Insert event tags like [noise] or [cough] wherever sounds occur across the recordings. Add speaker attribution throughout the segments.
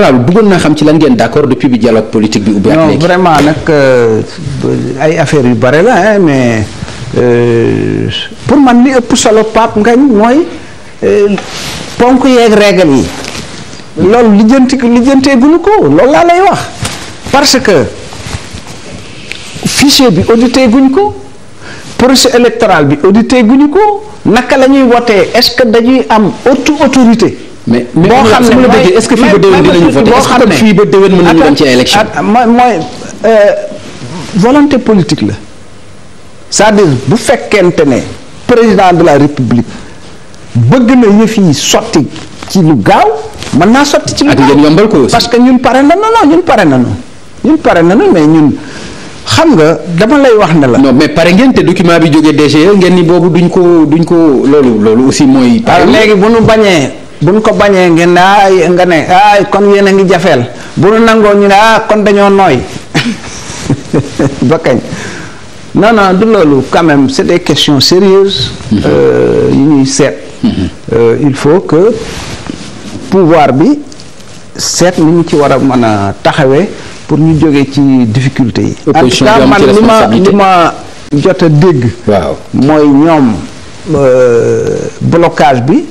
Speaker 1: général bëggoon naa xam ci lan ngeen d' accord depuis bi dialogue politique bi. ubbi ak léegi non vraiment nag euh, ay affaires yu bare la mais euh, pour man li ëpp solo Pape Ngagne mooy euh, ponk yeeg régal yi. loolu lijjanti lijjantee guñu ko loolu laa lay wax parce que fichier bi audité guñ ko procès électoral bi audité ñu ko naka la ñuy wotee est-ce que dañuy am auto autorité. mais boo xam ne mooy est-ce que fii ba déwén ba déwén mën nañu dem ci élection. mooy mooy euh, volonté politique la cest à bu fekkente ne président de la république bëgg na yëf yi sotti ci lu gaaw mën naa sotti ci lu gaaw ak ngeen ko aussi parce que ñun pare na non ñun pare na non pare na non mais ñun. xam nga dama lay wax ne la. non mais pare ngeen te document bi jógee DGE ngeen ni boobu duñ ko duñ ko loolu loolu aussi mooy. pare léegi bu nu bañee. buñ ko bañee ngeen ne ay nga ne ay kon yéen a ngi jafeel bu nu nangoo ñu ne ah kon dañoo nooy [laughs] ba kañ non non du loolu quand c'est des questions sérieuses mhm. euh, yu ñuy seet mhm. euh, il faut que pouvoir bi seet ni ñu ci war a mën a taxawee pour ñu jógee ci difficulté yi en tout li ma li ma jot a dégg waaw mooy ñoom euh, blocage bi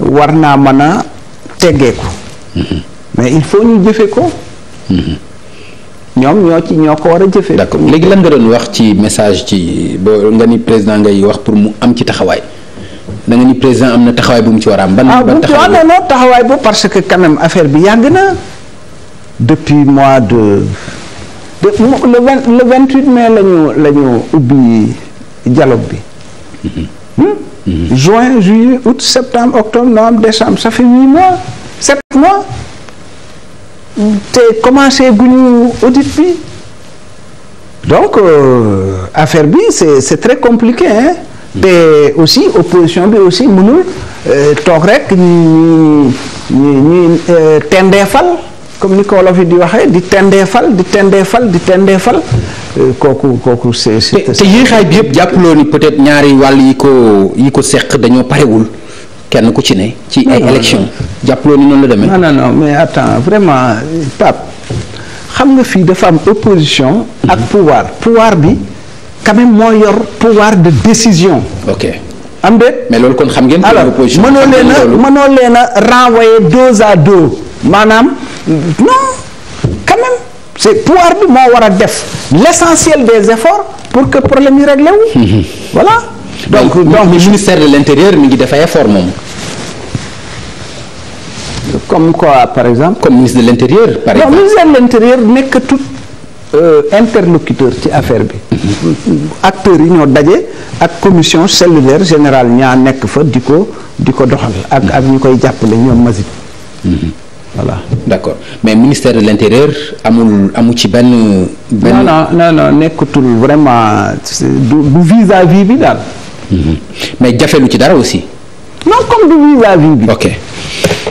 Speaker 1: war naa mën a ko mm-hmm. mais il faut ñu jëfe ko mm-hmm. ñoom ñoo ci ñoo ko war a jëfe d'accord léegi lan nga doon wax ci message ci boo nga ni président ngay wax pour mu am ci taxawaay da ni président am na taxawaay bu mu ci war a am ban ah, ban taxawaay non non taxawaay bu parce que quand affaire bi yàgg na depuis mois de de le vingt le vingt huit mais la ñu ubbi dialogue bi mm-hmm. Hmm? juin juillet août septembre octobre novembre décembre ça fait huit mois sept mois te commencé guñu audit bi donc euh, affaire bi c'est c'est très compliqué hein te aussi opposition bi aussi mënul euh, toog rek ñu ñu ñu euh, tendeefal comme ni ko wolof yi di waxee di tendeefal di tendeefal di tendeefal Euh, kooku kooku c'est te yéexaay bi yëpp jàppaloo ni peut-être ñaari wàll yi ko yi ko seq dañoo parewul kenn ku ci ne ci ay élection jàppaloo ni noonu la demee non non non mais attends vraiment Pape xam nga fii dafa am opposition mhm. ak pouvoir pouvoir bi quand même moo yor de décision ok am de mais loolu kon xam ngeen alors mënoo leen a mënoo leen a renvoyer dos à dos maanaam non quand c'est pouvoir bi moo war a def l'essentiel des efforts pour que problème yi réglé wu. Mhm. voilà donc donc, donc ministère de l'intérieur mi ngi def ay effort moom. comme quoi par exemple. comme ministre de l'intérieur. par exemple non ministère de l'intérieur nekkatul euh, interlocuteur ci affaire bi. Mhm. acteurs yi ñoo daje ak commission cellulaire général ñaa nekk fa di ko di ko doxal. ak ak ñu koy jàppale ñoom Mazid. Mhm. voilà accord mais ministère de l' intérieur amul ci benn. benn non nekkatul vraiment du du vis-à-vis bi daal. Mhm. mais jafelu ci dara aussi. non comme du vis-à-vis bi. ok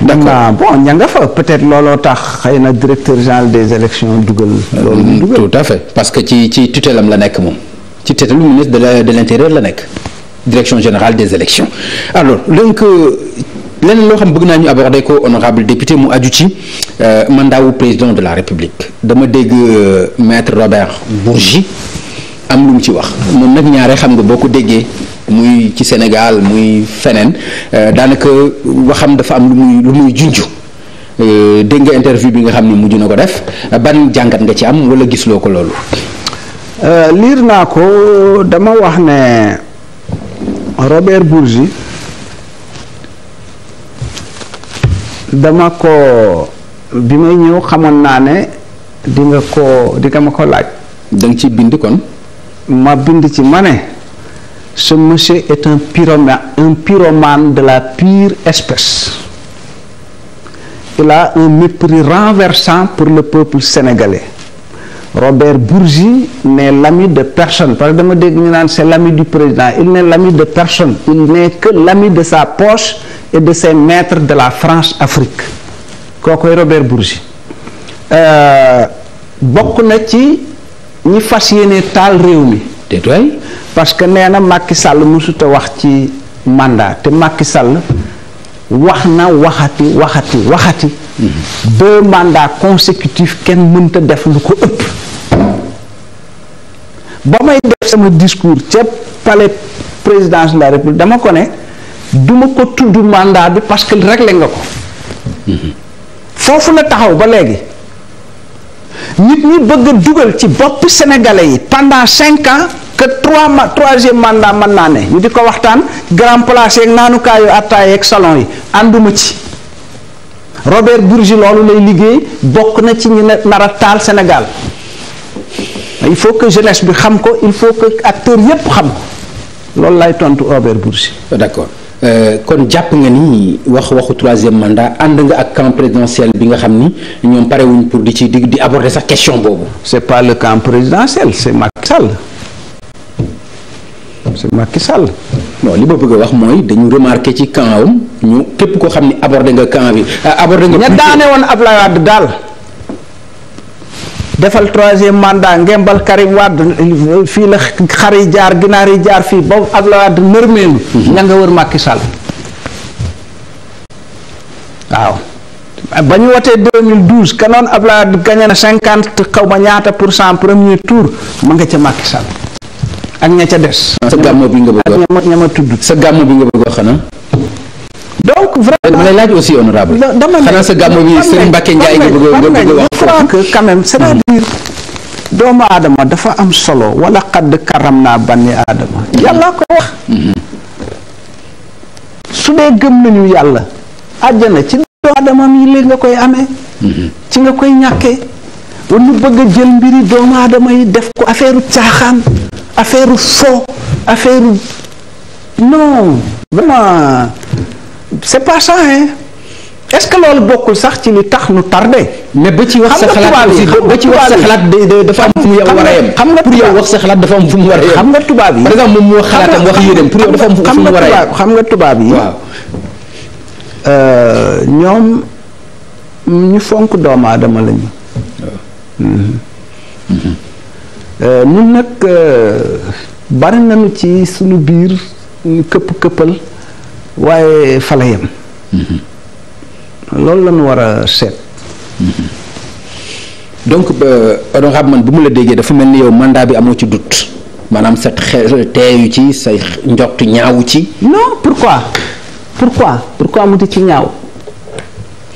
Speaker 1: d' bon ña fa peut être looloo tax xëy na directeur général des élections dugal. loolu dugal euh, tout à fait parce que ci ci tutelam la nekk moom ci tutelu ministre de l' de l' intérieur la nekk direction générale des élections alors donc. Euh, leneen loo xam bëgg naa ñu aborder ko honorable député mu aju ci euh, mandat wu président de la république dama dégg euh, maître Robert Bourgi am lu mu ci wax moom nag ñaare xam nga boo ko déggee muy ci Sénégal muy feneen euh, daanaka waxam dafa am lu muy lu muy junj dégg nga interview bi nga xam ne mujj na ko def ban jàngat nga ci am wala gisuloo ko loolu. liir naa ko dama wax ne Robert Bourgi. dama ko bi may ñëw xamoon naa ne di nga ko di nga ma ko laaj. da ci bind kon. ma bind ci ma ne. ce monsieur est un pyromane un pyromane de la pire espèce. il a un mépris renversant pour le peuple sénégalais. Robert Bourgi n'est l'ami de personne parce que dama dégg ñu naan c'est l'ami du président il n'est l'ami de personne il n'est l'ami de sa poche. et de ses maîtres de la France Afrique kookoy Robert Bourgi euh, bokk na ci ñi fas yéene taal réew mi détoy parce que nee na Macky Sall mësuta wax ci mandat te Macky Sall wax na waxati waxati waxati mhm. deux mandats consécutifs kenn mënta def lu ko ëpp ba may def sama discours ca palais présidence de la République dama ko ne du ma ko tudd mandat bi parce que réglé nga ko foofu la taxaw ba léegi nit ñi bëgg dugal ci bopp sénégalais yi pendant cinq ans que trois ma troisième mën naa ne ñu di ko waxtaan grand place yeeg naanukaayu attaay yeeg salon yi ànduma ci Robert Bourgi loolu lay liggéey bokk na ci ñi nar a taal Sénégal il faut que jeunesse bi xam ko il faut que acteur yépp xam ko loolu lay tontu Robert Bourgi Euh, kon jàpp nga ni wax waxu troisième mandat ànd nga ak camp présidentiel bi nga xam ni ñoom parewuñ pour di ci digg di aborder sax question boobu. c'est pas le camp présidentiel c'est Macky Sall. c'est Macky Sall. bon li ma bëgg a wax mooy dañu remarqué ci camp am ñu képp koo xam ni aborder nga camp bi ah, aborder nga. ña daane woon Abdoulaye Wade daal. defal troisième mandat ngembal Karim Wade fii la xar yi jaar ginaar yi jaar fii ba Abdoulaye Wade nërmeelu ña nga wër Macky Sall waaw ba ñu wotee 2012 kanoon Abdoulaye Wade gagné na cinquante xaw ma ñaata pour cent premier tour ma nga ca Macky Sall ak ña ca des. sa gàmmu bi nga bëgg a. ak ña ma tudd. sa gàmmu bi nga bëgg a xanaa. donc vraiment ma lay laaj aussi honorable dama ne xanaa sa gàmmu doomu adama dafa am solo wala xadd karam naa banni aadama yàlla ko wax su dee gëm nañu yàlla àjjana ci doomu aadama mi léegi nga koy amee ci nga koy ñàkkee wala bëgg a jël mbiri doomu aadama yi def ko affaire caaxaan affaire fo affaire non c'est pas ça est-ce que loolu bokkul sax ci li tax nu tardé. mais ba ci wax sa xalaat aussi ba ci wax sa xalaat dafa am fu mu war a yem. xam nga pour yow wax am fu tubaab yi par exemple moom moo xalaatam wax yéeneem pour yow dafa am fu mu war a yem. xam nga tubaab yi waaw. Euh, ñoom ñu fonk doomu aadama la ñu. Mm-hmm. Euh, ñun nag euh, bari nañu ci suñu biir këpp këppal. waaye fala yem mhm. loolu lañu war a seet mhm. donc ba honorable man bu mu la déggee dafa mel ni yow mandat bi amoo ci dut maanaam sa xel teeyu ci say njort ñaawu ci non pourquoi pourquoi pourquoi mu muti ci ñaaw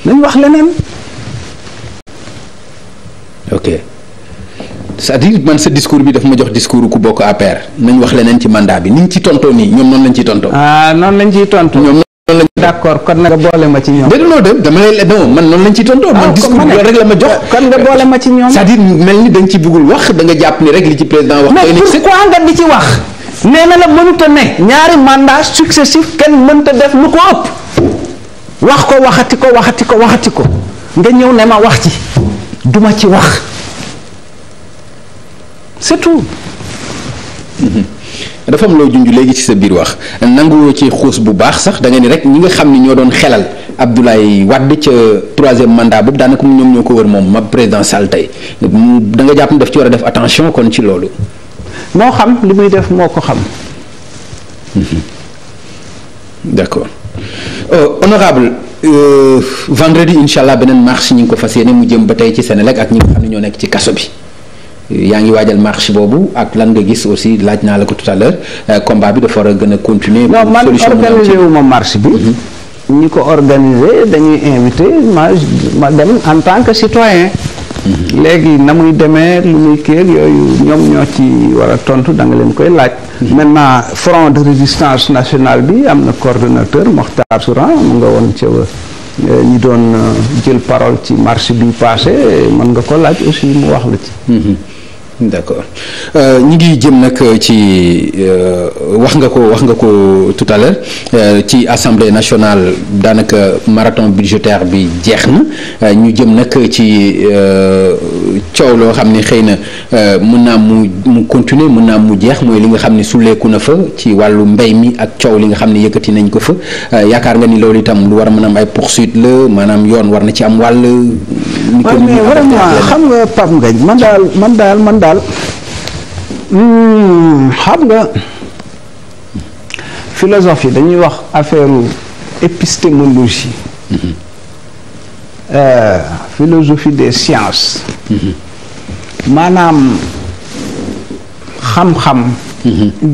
Speaker 1: nañ wax leneen ok cest à man sa discours bi daf ma jox discours ku bokk APR nañ wax leneen ci mandat bi ni ñu ci tontoo nii ñoom noonu lañ ciy tontoo. ah noonu lañ ciy tontoo. ñoom noonu ma ci ñoom. déedéet non de dama lay non man noonu lañ ciy tontoo. Ah, man discours bi loolu ma jox. kon nga boole ma ci ñoom. cest à mel ni dañ ci bëggul wax da jàpp ni rek li ci président wax. mais pourquoi nga di ci wax. nee na la mënut a ne. ñaari mandat successif kenn mënut def lu ko ëpp. wax ko waxati ko waxati ko waxati ko nga ñëw ne ma wax ci duma ci wax surtout tout. Mhm. loo junj léegi ci sa biir wax nanguwoo ci xuus bu baax sax da nga ni rek ñi nga xam ne ñoo doon xelal Abdoulaye Wade ca troisième mandat boobu daanaka ñoom ñoo ko wër moom ma président Sall tey da jàpp ni daf ci war a def attention kon ci loolu. moo xam li muy def moo ko xam. Mhm. d'accord euh, honorable euh, vendredi incha allah beneen marche ñi ngi ko fas yéene mu jëm ba tey ci Sénégal ak ñi nga xam ne ñoo nekk ci kaso bi. yaa ngi waajal marche boobu ak lan nga gis aussi laaj naa la ko tout à l'heure euh, combat bi dafa war a gën a continuer. non man organisé wu ma marche bi. Mhm. ñi ko organiser dañuy invité ma ma dem en tant que citoyen. Mhm. léegi na muy demee lu muy kii yooyu ñoom ñoo ci war a tontu da nga leen koy laaj. Mhm. maintenant front de résistance nationale bi am na coordonnateur Mokhtar Souran mu nga woon ca euh, ñi doon euh, jël parole ci marche bi passé mën nga ko laaj aussi mu wax la ci. d' accord euh, ñu ngi jëm nag euh, ci euh, wax nga ko wax nga ko tout à l'heure ci assemblée nationale daanaka marathon budgétaire bi jeex na ñu jëm nag ci coow loo xam ne xëy na euh, mën naa mu mu continuer mën naa mu jeex mooy li nga xam ni suleeku na fa ci wàllu mbay mi ak coow li nga xam ne yëkkati nañ ko fa euh, yaakaar nga ni loolu itam lu war a mën am ay poursuite la maanaam yoon war na ci am wàll. ni ko xam nga Pape Ngagne man daal man daal man daal hmm, xam nga philosophe yi dañuy wax affaire épistémologie. Mm-hmm. Euh, philosophie des sciences maanaam xam-xam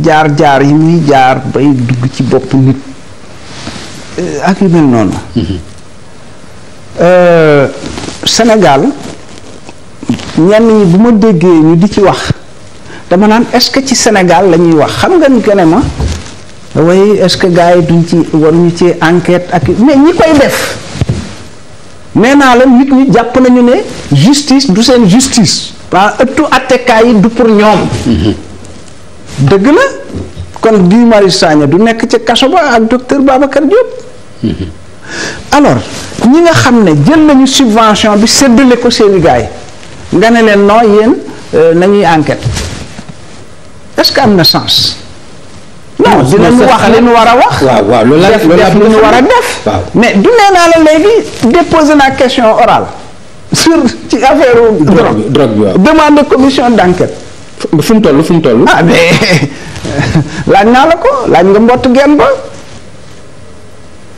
Speaker 1: jaar-jaar yi muy jaar bay dugg ci bopp nit euh, ak yu mel noonu euh, Sénégal ñenn ñi bu ma déggee ñu di ci wax dama naan est-ce que ci Sénégal la ñuy wax xam nga ni que ma waaye est-ce que gars yi duñ ci ci enquête ak mais ñi koy def nee naa la nit ñi jàpp nañu ne justice du seen justice waa ëttu attekaay yi du pour ñoom dëgg la kon Guy Marius Sagna du nekk ci kaso ba ak docteur Babacar Diop alors ñi nga xam ne jël nañu subvention bi seddale ko seeni gaay nga ne leen non yéen euh, nañuy enquête est-ce que am na sens non dinañu wax li ñu war a wax. waaw waaw loolu la def def li ñu war a def. mais du naa la léegi déposer naa question oral sur [laughs] ci affaire drogue drogue demande de commission fu mu toll fu mu toll. ah [laughs] laaj naa la ko laaj nga mbott genn ba.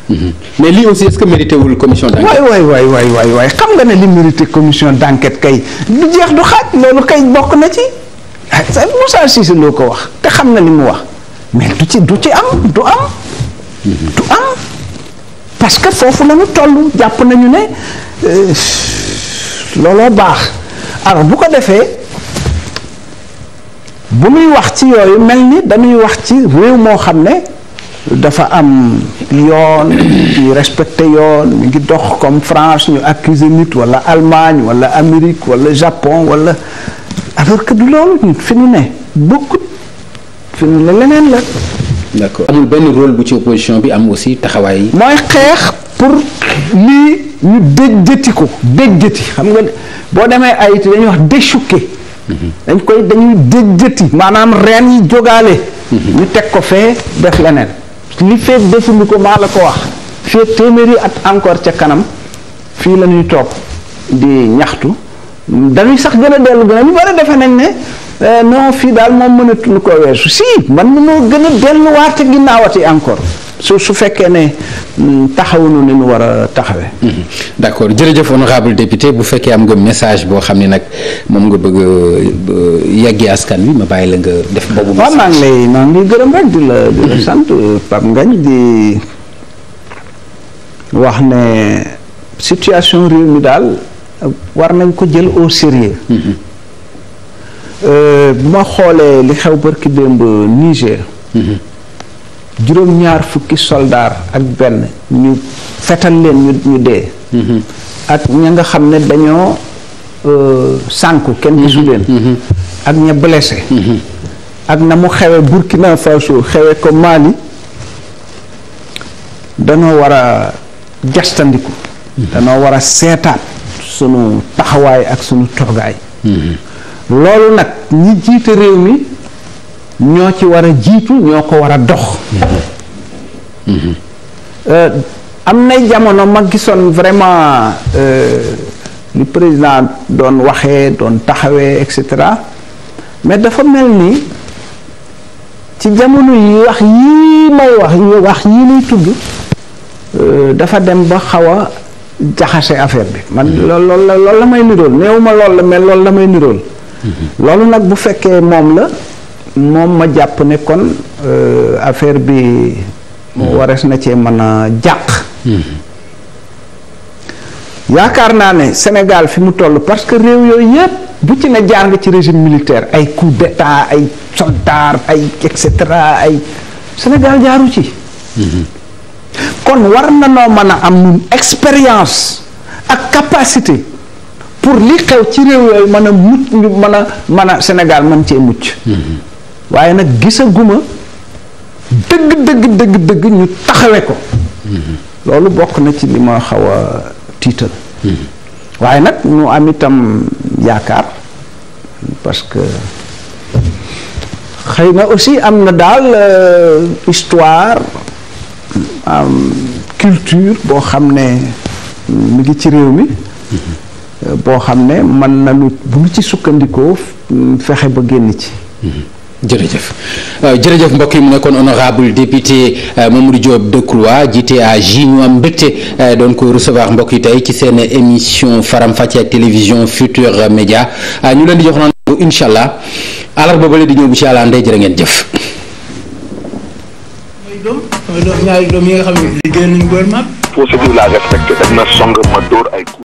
Speaker 1: Mhm. mais lii aussi est-ce que mérité wul commission d'enquête. waay waay waay waaye xam nga ne li mérité commission d'enquête kay du jeex du xaaj loolu kay bokk na ci ah Moussa Cissé loo ko wax te xam na li mu wax. mais du ci du ci am du am du am parce que foofu la ñu toll jàpp nañu ne euh, looloo baax alors bu ko defee bu muy wax ci yooyu mel ni dañuy wax ci réew moo xam ne dafa am yoon ñu respecté yoon mi ngi dox comme France ñu accuser nit wala almaañ wala Amérique walla Japon wala alors que du loolu fi ñu ne beaucoup fi mu ne leneen la. d'accord amul benn role bu ci opposition bi am aussi taxawaay mooy xeex pour lii ñu déjjati ko déjjati xam nga boo demee ay it dañuy wax déchouqué. Mhm. dañ koy dañuy déjjati. maanaam reen yi jógaale. Mhm. ñu teg ko fee def leneen. li fee defuñu ko maa la ko wax. feeg téeméeri ak encore ca kanam fii la ñuy toog di ñaxtu dañuy sax gën a dellu gën a ñu bari defe nañ ne. Eh, non fii daal moom mënatuñu ko weesu si man mënoo gën a delluwaate ginnaawati encore su su fekkee ne mm, taxawuñu ni ñu war a taxawee. Mhm. d' accord jërëjëf honorable député bu fekkee am nga message boo xam ne nag moom nga bëgg a euh, askan wi ma bàyyi la nga def boobu. message waaw maa ngi lay maa ngi gërëm rek di la di la sant euh, Pape Ngagne di wax ne situation réew mi daal war nañ ko jël au sérieux mhm. Euh, bu ma xoolee li xew barki démb Niger juróom-ñaar fukki soldaar ak benn ñu fetal leen ñu dee ak ña nga xam ne dañoo euh, sànku kenn gisu leen ak ña blessé ak na mu xewe Burkina Faso xewe ko Mali danoo war a jastandiku danoo war a seetaat sunu taxawaay ak sunu toogaay loolu nag ñi jiite réew mi ñoo ci war a jiitu ñoo ko war a dox euh, am nay jamono ma gisoon vraiment euh, li président doon waxee doon taxawee et cetera mais dafa mel ni ci jamono yi wax yii may wax wax yii lay tudd euh, dafa dem ba xaw a jaxase affaire bi man mm-hmm. lool lool loolu la may nirool néew ma lool la mel loolu la may nirool loolu nag bu fekkee moom la moom ma jàpp ne kon euh, affaire bi warees na cee mën a jàq yaakaar naa ne Sénégal fi mu toll parce que réew yooyu yëpp bu ci ne jaar nga ci régime militaire ay coup d'état ay soldats ay et cetera ay Sénégal jaaru ci kon war na noo mën a am nun expérience ak capacité pour li xew ci réew yooyu mën a mucc mën a mën a Sénégal mën cee mucc mm-hmm. waaye nag gisaguma dëgg dëgg dëgg dëgg ñu taxawe ko mm-hmm. loolu bokk na ci li ma xaw a tiital mm-hmm. waaye nag ñu am itam yaakaar parce que xëy na aussi am na daal euh, histoire am culture boo xam ne mu ngi ci réew mi boo xam ne mën nañu bu ñu ci sukkandikoo fexe ba génn ci. Mm-hmm. jërëjëf euh, jërëjëf mbokk yi mu nekkoon honorable député euh, Mamadou Diop Decroix jiite AJ ñu am mbégte euh, doon ko recevoir mbokk yi tey ci seen émission faram fàcce ak télévision Futurs Médias ñu leen di jox naan bu incha allah alarba ba di ñëw bu ci àlla ndey jërë ngeen jëf.